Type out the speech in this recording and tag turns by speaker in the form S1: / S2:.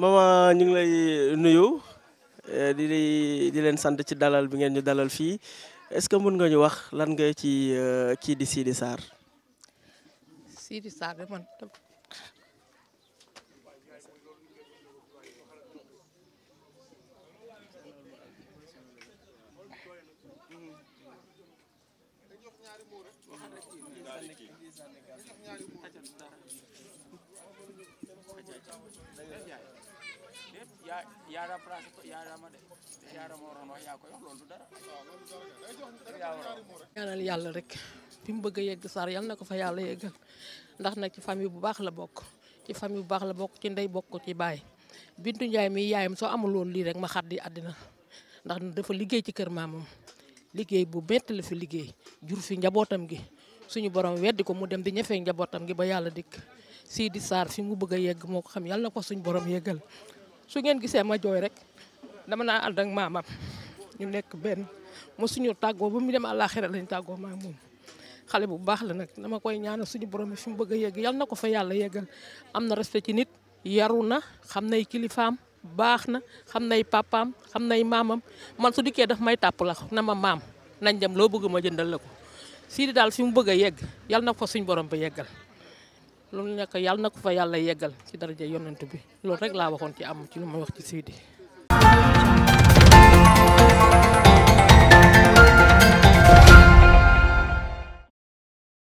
S1: mama ñu ngi lay nuyu eh, di di len sant ci dalal bi ngeen ñu dalal fi est ce que mën nga ñu wax lan nga ci eh, ki di Sidi sar
S2: Sidi sar de man ah yàlla rek fi mu bëgg a yegg Sarr yal na ko fa yàlla yeggal ndax na ci famille bu baax la bokk ci famille bu baax la bokk ci ndey bokk ci baay Bintu Njaay mi yaayam soo amul woon lii rek ma xat di àddina ndax dafa liggéey ci kër maamam liggéey bu métti la fi liggéey jur fi njabootam gi suñu borom weddi ko mu dem di ñëfee njabootam gi ba yàlla dikk Sidi Sarr fi mu bëgg a yegg moo ko xam yàlla na ko suñu boroom yeggal. su ngeen gisee ma jooy rek dama naa ànd ak maamam ñu nekk benn suñu tàggoo ba mu dem àllaaxira lañ tàggoo maam moom xale bu baax la nag dama koy ñaanal suñu borom fi mu bëgg yegg yal na ko fa yàlla yeggal am na respect ci nit yaru na xam nay kilifaam baax na xam nay papaam xam nay maamam man su dikkee daf may tàpp la na ma maam nañ dem loo bëgg ma jëndal la ko sii di daal fi mu bëgg a yegg yal na ko suñu borom ba loolu nekk yàlla na ko fa yàlla yeggal ci daraja yonent bi loolu rek laa waxoon ci am ci lu may wax ci Sidi